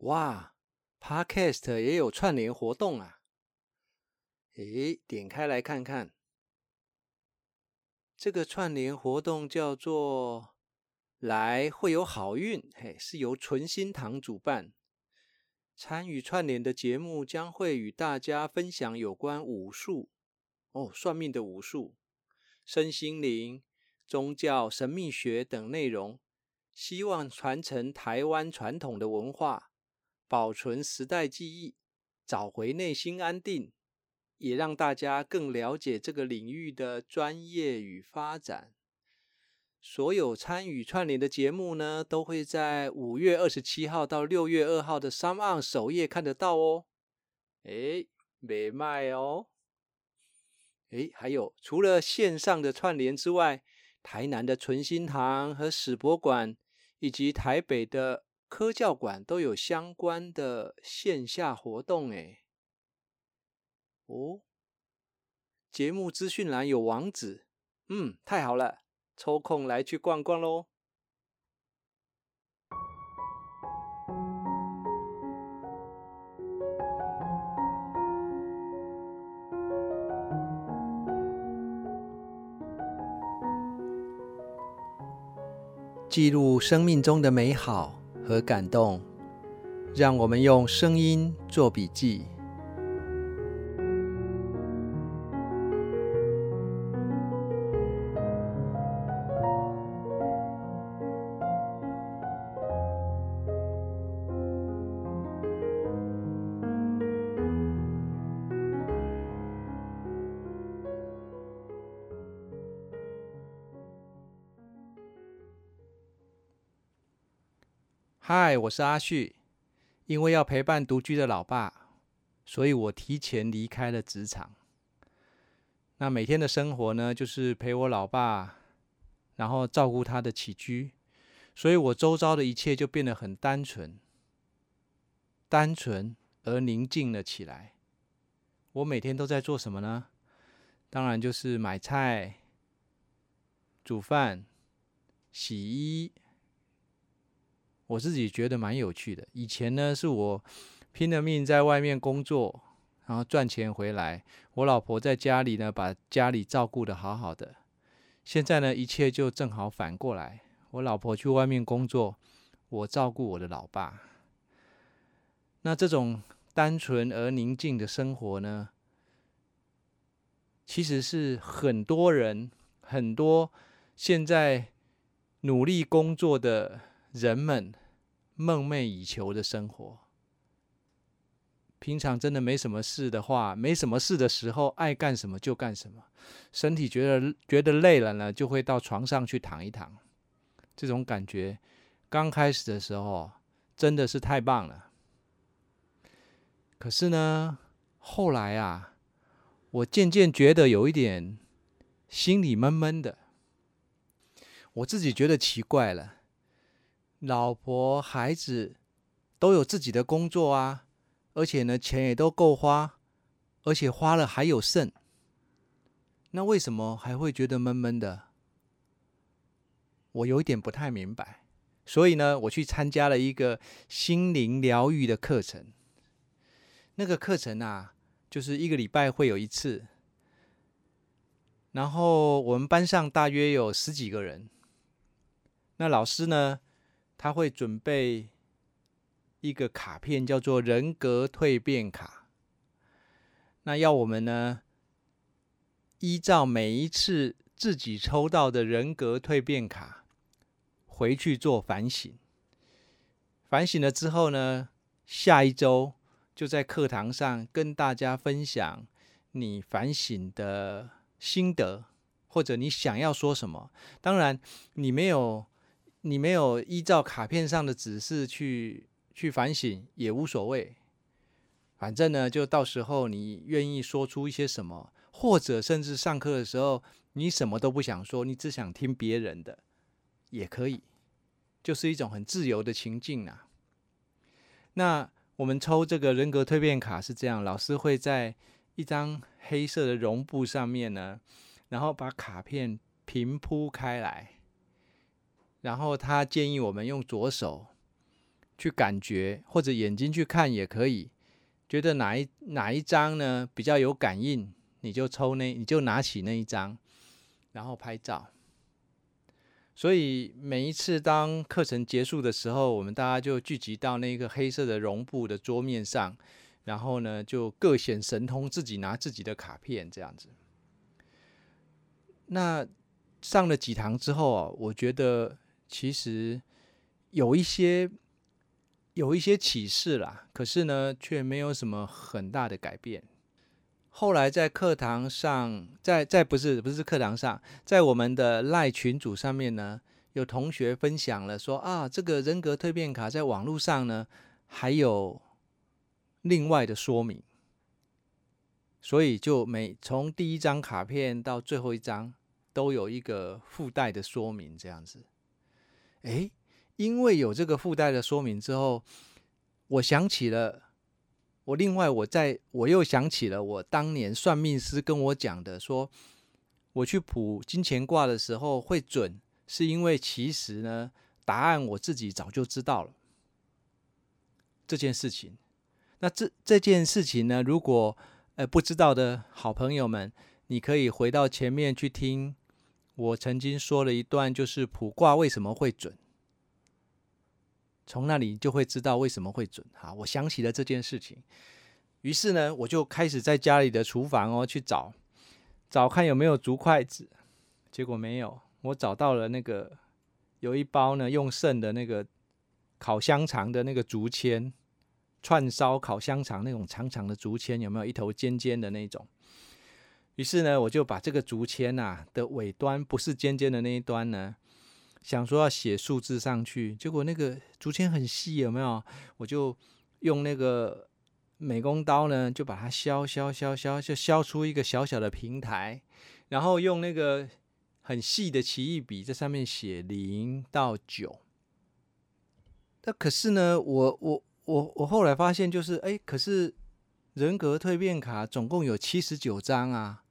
哇，Podcast 也有串聯活動啊！誒，點開來看看。這個串聯活動叫做“來會有好運”，嘿，是由存心堂主辦。參與串聯的節目將會與大家分享有關五術、哦算命的五術、身心靈、宗教、神秘學等內容，希望傳承台灣傳統的文化。保存時代記憶，找回內心安定，也讓大家更了解這個領域的專業與發展。所有參與串聯的節目呢，都會在五月二十七號到六月二號的 SoundOn 首頁看得到哦。哎，沒賣哦。哎，還有，除了線上的串聯之外，台南的存心堂和史博館，以及台北的。科教館都有相關的線下活動哎，哦，節目資訊欄有網址，嗯，太好了，抽空來去逛逛嘍。記錄生命中的美好，和感動，讓我們用聲音做筆記。我是阿旭，因為要陪伴獨居的老爸，所以我提前離開了職場。那每天的生活呢，就是陪我老爸，然後照顧他的起居，所以我周遭的一切就變得很單純，單純而寧靜了起來。我每天都在做什麼呢？當然就是買菜、煮飯、洗衣。我自己覺得蠻有趣的。以前呢，是我拼了命在外面工作，然後賺錢回來。我老婆在家裡呢，把家裡照顧得好好的。現在呢，一切就正好反過來。我老婆去外面工作，我照顧我的老爸。那這種單純而寧靜的生活呢，其實是很多人、很多現在努力工作的人們夢寐以求的生活，平常真的沒什麼事的話，沒什麼事的時候，愛幹什麼就幹什麼。身體覺得覺得累了呢，就會到床上去躺一躺。這種感覺剛開始的時候真的是太棒了。可是呢，後來啊，我漸漸覺得有一點心裡悶悶的，我自己覺得奇怪了。老婆、孩子都有自己的工作啊，而且呢，錢也都夠花，而且花了還有剩。那為什麼還會覺得悶悶的？我有一點不太明白。所以呢，我去參加了一個心靈療癒的課程。那個課程啊，就是一個禮拜會有一次，然後我們班上大約有十幾個人。那老師呢？他會準備一個卡片，叫做“人格蛻變卡”。那要我們呢，依照每一次自己抽到的人格蛻變卡，回去做反省。反省了之後呢，下一周就在課堂上跟大家分享你反省的心得，或者你想要說什麼。當然，你沒有。你沒有依照卡片上的指示去去反省也無所謂，反正呢，就到時候你願意說出一些什麼，或者甚至上課的時候你什麼都不想說，你只想聽別人的也可以，就是一種很自由的情境啊。那我們抽這個人格蛻變卡是這樣，老師會在一張黑色的絨布上面呢，然後把卡片平鋪開來。然後他建議我們用左手去感覺，或者眼睛去看也可以。覺得哪一哪一張呢比較有感應，你就抽那，你就拿起那一張，然後拍照。所以每一次當課程結束的時候，我們大家就聚集到那個黑色的絨布的桌面上，然後呢就各顯神通，自己拿自己的卡片這樣子。那上了幾堂之後啊，我覺得。其實有一些有一些啟示啦，可是呢，卻沒有什麼很大的改變。後來在課堂上，在在不是不是課堂上，在我們的賴群組上面呢，有同學分享了說啊，這個人格蛻變卡在網絡上呢，還有另外的說明，所以就每從第一張卡片到最後一張，都有一個附帶的說明，這樣子。誒，因為有這個附帶的說明之後，我想起了我另外我在我又想起了我當年算命師跟我講的說，說我去卜金錢卦的時候會準，是因為其實呢，答案我自己早就知道了這件事情。那這這件事情呢，如果呃不知道的好朋友們，你可以回到前面去聽。我曾經說了一段，就是卜卦為什麼會準，從那裡就會知道為什麼會準哈。我想起了這件事情，於是呢，我就開始在家裡的廚房哦去找找看有沒有竹筷子，結果沒有。我找到了那個有一包呢，用剩的那個烤香腸的那個竹籤，串燒烤香腸那種長長的竹籤，有沒有一頭尖尖的那種？於是呢，我就把這個竹籤吶、啊、的尾端，不是尖尖的那一端呢，想說要寫數字上去。結果那個竹籤很細，有沒有？我就用那個美工刀呢，就把它削削削削、削，就削出一個小小的平台，然後用那個很細的奇異筆在上面寫零到九。那可是呢，我我我我後來發現就是，哎，可是人格蛻變卡總共有七十九張啊。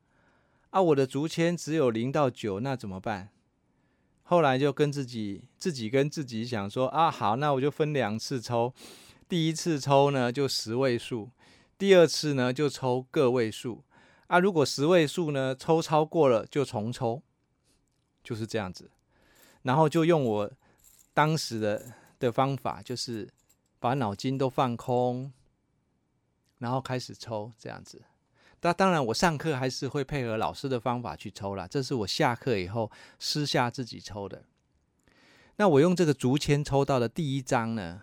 啊，我的竹籤只有零到九，那怎麼辦？後來就跟自己、自己跟自己想說，啊，好，那我就分兩次抽，第一次抽呢就十位數，第二次呢就抽個位數。啊，如果十位數呢抽超過了就重抽，就是這樣子。然後就用我當時的的方法，就是把腦筋都放空，然後開始抽，這樣子。那當然，我上課還是會配合老師的方法去抽啦，這是我下課以後私下自己抽的。那我用這個竹籤抽到的第一張呢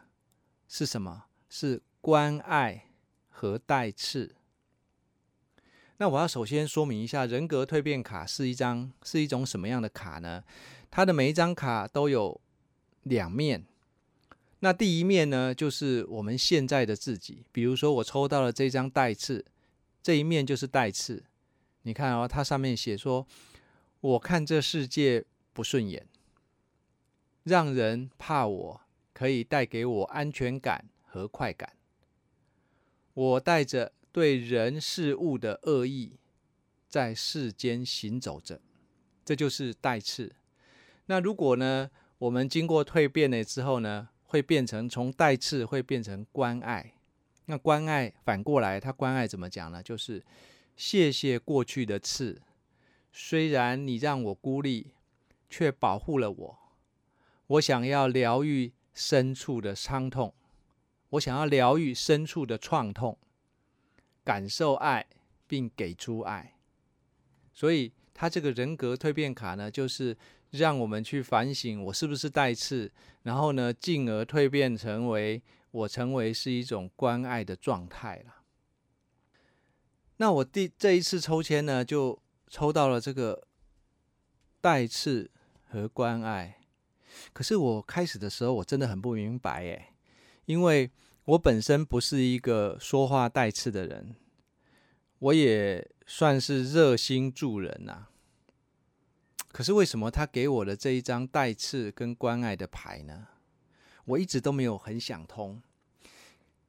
是什麼？是關愛和帶刺。那我要首先說明一下，人格蛻變卡是一張是一種什麼樣的卡呢？它的每一張卡都有兩面。那第一面呢，就是我們現在的自己。比如說，我抽到了這張帶刺。這一面就是帶刺，你看哦，它上面寫說：“我看這世界不順眼，讓人怕我可以帶給我安全感和快感。我帶着對人事物的惡意在世間行走着，這就是帶刺。那如果呢，我們經過蛻變了之後呢，會變成從帶刺會變成關愛。”那關愛反過來，他關愛怎麼講呢？就是謝謝過去的刺，雖然你讓我孤立，卻保護了我。我想要療癒深處的傷痛，我想要療癒深處的創痛，感受愛並給出愛。所以他這個人格蛻變卡呢，就是讓我們去反省我是不是帶刺，然後呢，進而蛻變成為。我成為是一種關愛的狀態了。那我第這一次抽籤呢，就抽到了這個帶刺和關愛。可是我開始的時候，我真的很不明白哎，因為我本身不是一個說話帶刺的人，我也算是熱心助人吶、啊。可是為什麼他給我的這一張帶刺跟關愛的牌呢？我一直都沒有很想通。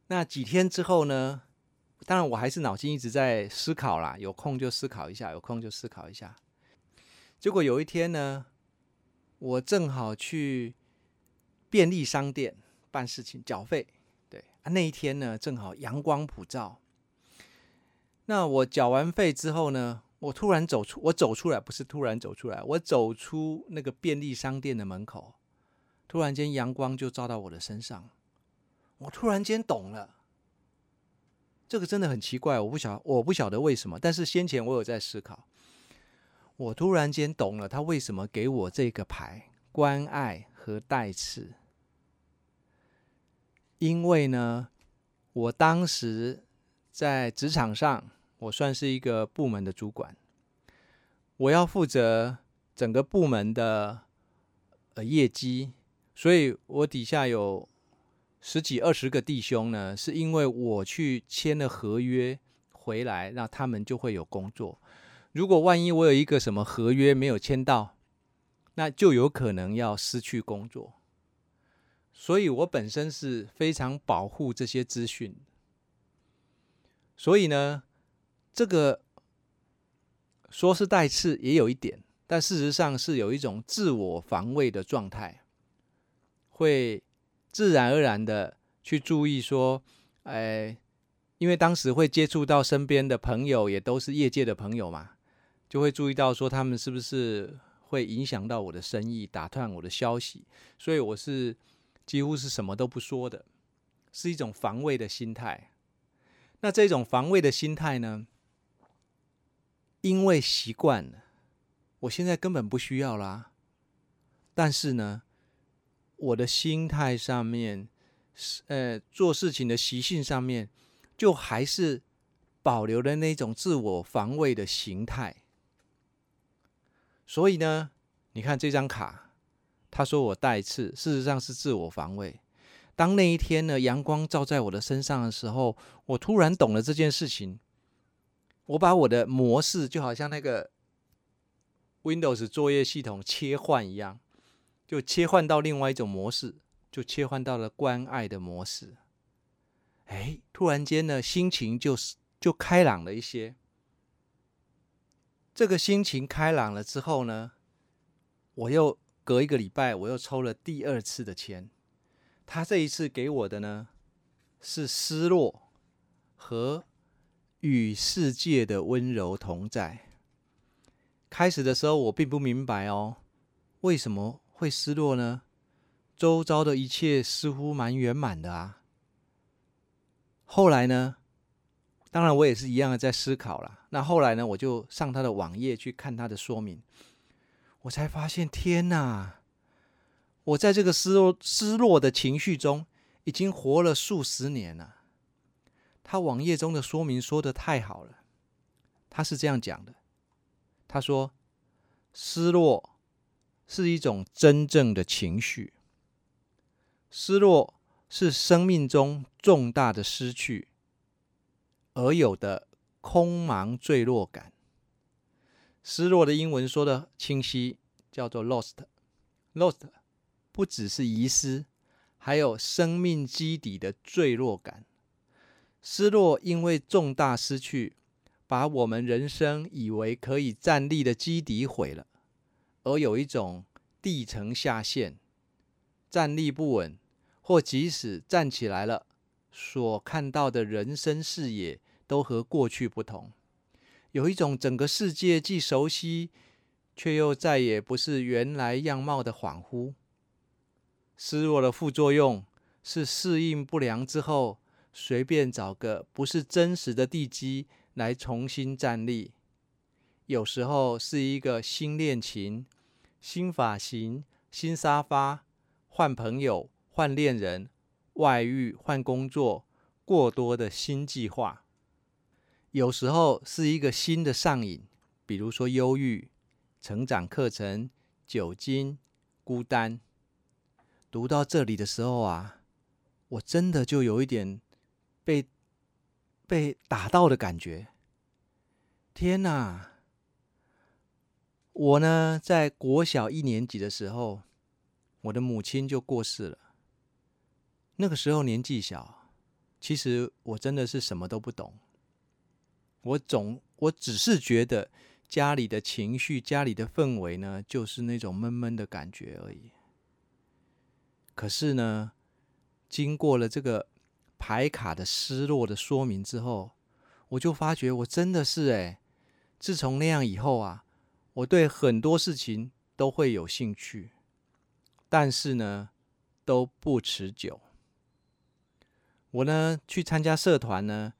那幾天之後呢，當然，我還是腦筋一直在思考啦。有空就思考一下，有空就思考一下。結果有一天呢，我正好去便利商店辦事情，繳費。對啊，那一天呢，正好陽光普照。那我繳完費之後呢，我突然走出，我走出來，不是突然走出來，我走出那個便利商店的門口。突然間，陽光就照到我的身上，我突然間懂了。這個真的很奇怪，我不曉我不曉得為什麼。但是先前我有在思考，我突然間懂了他為什麼給我這個牌——關愛和帶刺。因為呢，我當時在職場上，我算是一個部門的主管，我要負責整個部門的呃業績。所以我底下有十幾二十個弟兄呢，是因為我去簽了合約回來，那他們就會有工作。如果萬一我有一個什麼合約沒有簽到，那就有可能要失去工作。所以，我本身是非常保護這些資訊。所以呢，這個說是帶刺也有一點，但事實上是有一種自我防衛的狀態。會自然而然的去注意說，哎，因為當時會接觸到身邊的朋友，也都是業界的朋友嘛，就會注意到說他們是不是會影響到我的生意，打探我的消息，所以我是幾乎是什麼都不說的，是一種防衛的心態。那這種防衛的心態呢，因為習慣，我現在根本不需要啦，但是呢。我的心態上面，呃，做事情的習性上面，就還是保留的那種自我防衛的形態。所以呢，你看這張卡，他說我帶刺，事實上是自我防衛。當那一天呢，陽光照在我的身上的時候，我突然懂了這件事情。我把我的模式，就好像那個 Windows 作業系統切換一樣。就切換到另外一種模式，就切換到了關愛的模式。哎，突然間呢，心情就是就開朗了一些。這個心情開朗了之後呢，我又隔一個禮拜，我又抽了第二次的籤。他這一次給我的呢，是失落和與世界的溫柔同在。開始的時候我並不明白哦，為什麼會失落呢？周遭的一切似乎蠻圓滿的啊。後來呢，當然我也是一樣的在思考了。那後來呢，我就上他的網頁去看他的說明，我才發現天哪，我在這個失落失落的情緒中，已經活了數十年了。他網頁中的說明說得太好了。他是這樣講的：他說，失落。是一種真正的情緒。失落是生命中重大的失去，而有的空茫墜落感。失落的英文說得清晰，叫做 “lost”。lost 不只是遺失，還有生命基底的墜落感。失落因為重大失去，把我們人生以為可以站立的基底毀了。而有一種地層下陷、站立不穩，或即使站起來了，所看到的人生視野都和過去不同。有一種整個世界既熟悉，卻又再也不是原來樣貌的恍惚。失落的副作用是適應不良之後，隨便找個不是真實的地基來重新站立。有時候是一個新戀情、新髮型、新沙發，換朋友、換戀人、外遇、換工作，過多的新計劃。有時候是一個新的上癮，比如說憂鬱、成長課程、酒精、孤單。讀到這裡的時候啊，我真的就有一點被被打到的感覺。天哪！我呢，在國小一年級的時候，我的母親就過世了。那個時候年紀小，其實我真的是什麼都不懂。我總我只是覺得家裡的情緒、家裡的氛圍呢，就是那種悶悶的感覺而已。可是呢，經過了這個牌卡的失落的說明之後，我就發覺我真的是哎，自從那樣以後啊。我對很多事情都會有興趣，但是呢，都不持久。我呢，去參加社團呢，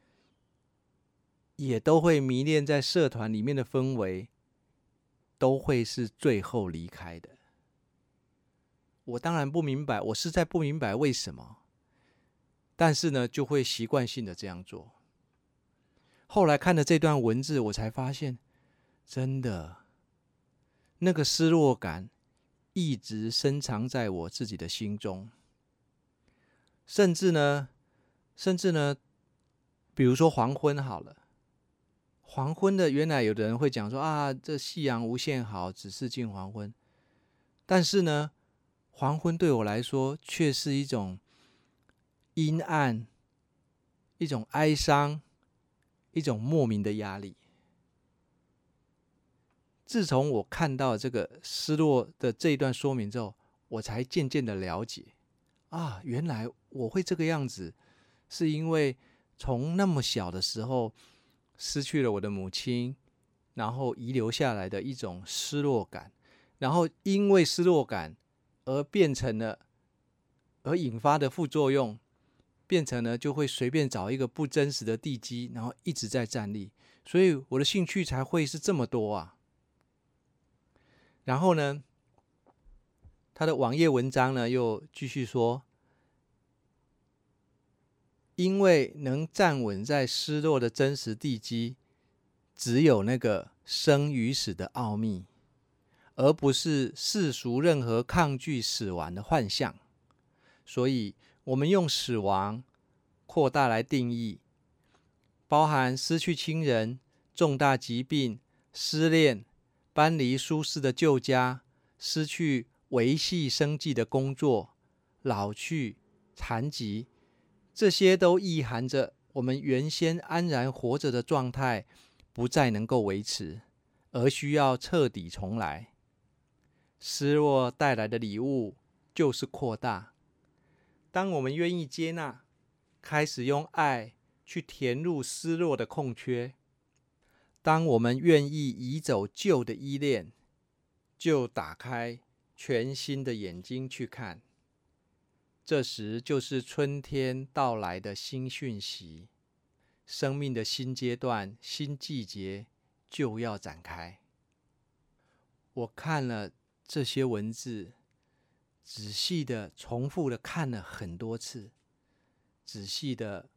也都會迷戀在社團裡面的氛圍，都會是最後離開的。我當然不明白，我實在不明白為什麼，但是呢，就會習慣性的這樣做。後來看了這段文字，我才發現，真的。那個失落感一直深藏在我自己的心中，甚至呢，甚至呢，比如說黃昏好了，黃昏的原來有的人會講說啊，這夕陽無限好，只是近黃昏。但是呢，黃昏對我來說卻是一種陰暗，一種哀傷，一種莫名的壓力。自從我看到這個失落的這一段說明之後，我才漸漸的了解，啊，原來我會這個樣子，是因為從那麼小的時候失去了我的母親，然後遺留下來的一種失落感，然後因為失落感而變成了，而引發的副作用，變成了就會隨便找一個不真實的地基，然後一直在站立，所以我的興趣才會是這麼多啊。然後呢，他的網頁文章呢又繼續說，因為能站穩在失落的真實地基，只有那個生與死的奧秘，而不是世俗任何抗拒死亡的幻象，所以我們用死亡擴大來定義，包含失去親人、重大疾病、失戀。搬離舒適的舊家，失去維繫生計的工作，老去、殘疾，這些都意含着我們原先安然活着的狀態不再能夠維持，而需要徹底重來。失落帶來的禮物就是擴大，當我們願意接納，開始用愛去填入失落的空缺。當我們願意移走舊的依戀，就打開全新的眼睛去看。這時就是春天到來的新訊息，生命的新階段、新季節就要展開。我看了這些文字，仔細的重複的看了很多次，仔細的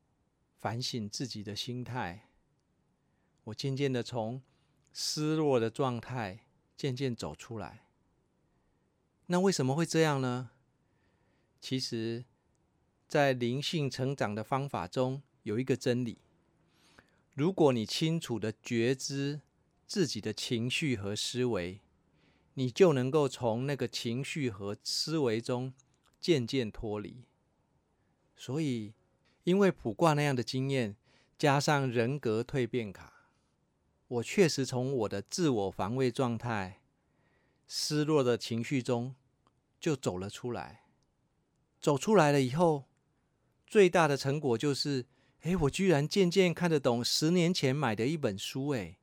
反省自己的心態。我漸漸的從失落的狀態漸漸走出來。那為什麼會這樣呢？其實，在靈性成長的方法中有一個真理：如果你清楚的覺知自己的情緒和思維，你就能夠從那個情緒和思維中漸漸脫離。所以，因為卜卦那樣的經驗，加上人格蛻變卡。我確實從我的自我防衛狀態、失落的情緒中就走了出來。走出來了以後，最大的成果就是，哎，我居然漸漸看得懂十年前買的一本書。哎，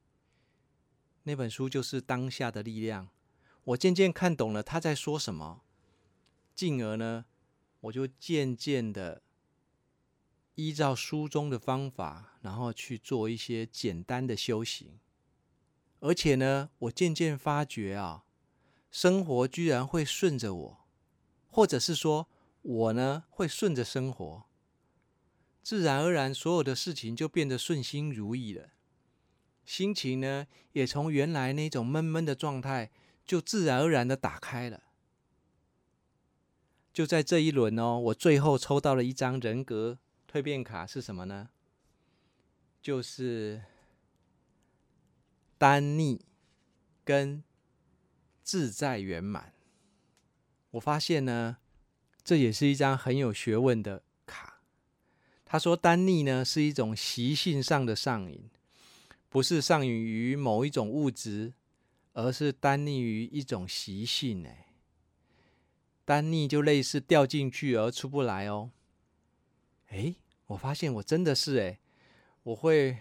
那本書就是《當下的力量》。我漸漸看懂了他在說什麼，進而呢，我就漸漸的。依照書中的方法，然後去做一些簡單的修行，而且呢，我漸漸發覺啊，生活居然會順着我，或者是說我呢會順着生活，自然而然所有的事情就變得順心如意了，心情呢也從原來那種悶悶的狀態，就自然而然的打開了。就在這一輪哦，我最後抽到了一張人格。蛻變卡是什麼呢？就是耽溺跟自在圓滿。我發現呢，這也是一張很有學問的卡。他說耽溺呢是一種習性上的上癮，不是上癮於某一種物質，而是耽溺於一種習性。哎，耽溺就類似掉進去而出不來哦。誒。我發現我真的是哎，我會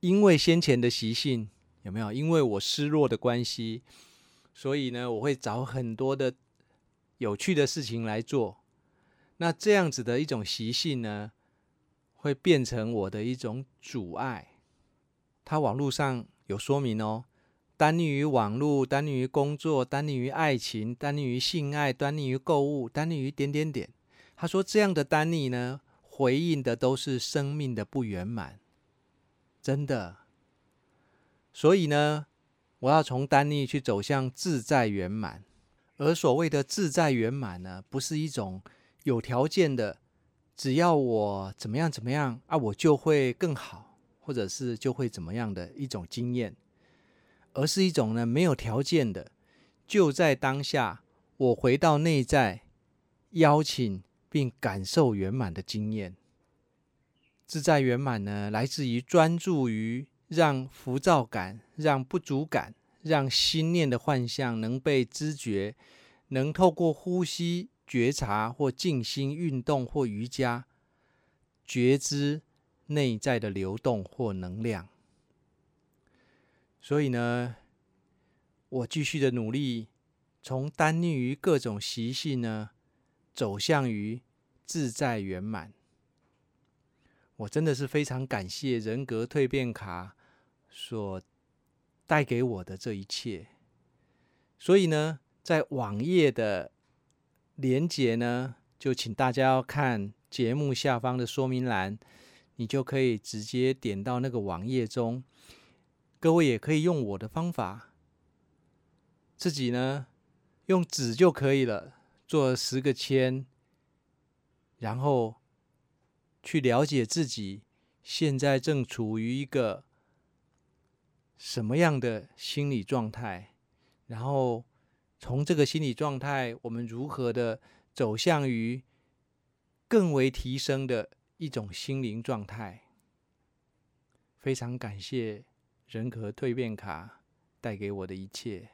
因為先前的習性有沒有？因為我失落的關係，所以呢，我會找很多的有趣的事情來做。那這樣子的一種習性呢，會變成我的一種阻礙。他網絡上有說明哦，耽溺於網絡，耽溺於工作，耽溺於愛情，耽溺於性愛，耽溺於購物，耽溺於一點點點。他說這樣的耽溺呢。回應的都是生命的不圓滿，真的。所以呢，我要從丹尼去走向自在圓滿。而所謂的自在圓滿呢，不是一種有條件的，只要我怎麼樣怎麼樣啊，我就會更好，或者是就會怎麼樣的一種經驗，而是一種呢沒有條件的，就在當下，我回到內在，邀請。並感受圓滿的經驗，自在圓滿呢，來自於專注於讓浮躁感、讓不足感、讓心念的幻象能被知覺，能透過呼吸覺察或靜心運動或瑜伽，覺知內在的流動或能量。所以呢，我繼續的努力，從單逆於各種習性呢。走向於自在圓滿，我真的是非常感謝人格蛻變卡所帶給我的這一切。所以呢，在網頁的連接呢，就請大家要看節目下方的說明欄，你就可以直接點到那個網頁中。各位也可以用我的方法，自己呢，用紙就可以了。做十個籤，然後去了解自己現在正處於一個什麼樣的心理狀態，然後從這個心理狀態，我們如何的走向於更為提升的一種心靈狀態。非常感謝人格蛻變卡帶給我的一切。